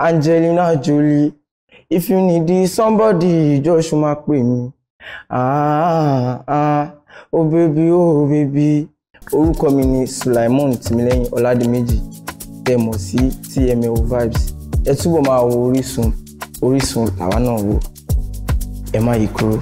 Angelina Jolie if you need somebody just máa pè mí ah ah oh baby oh baby orúkọ mi ni Sulaimon Tìmílẹ́yìn Ọládìméjì tẹ́ mọ̀ sí TML Vibes ẹ túbọ̀ máa wo Orísun Orísun làwa náà wò ẹ má yí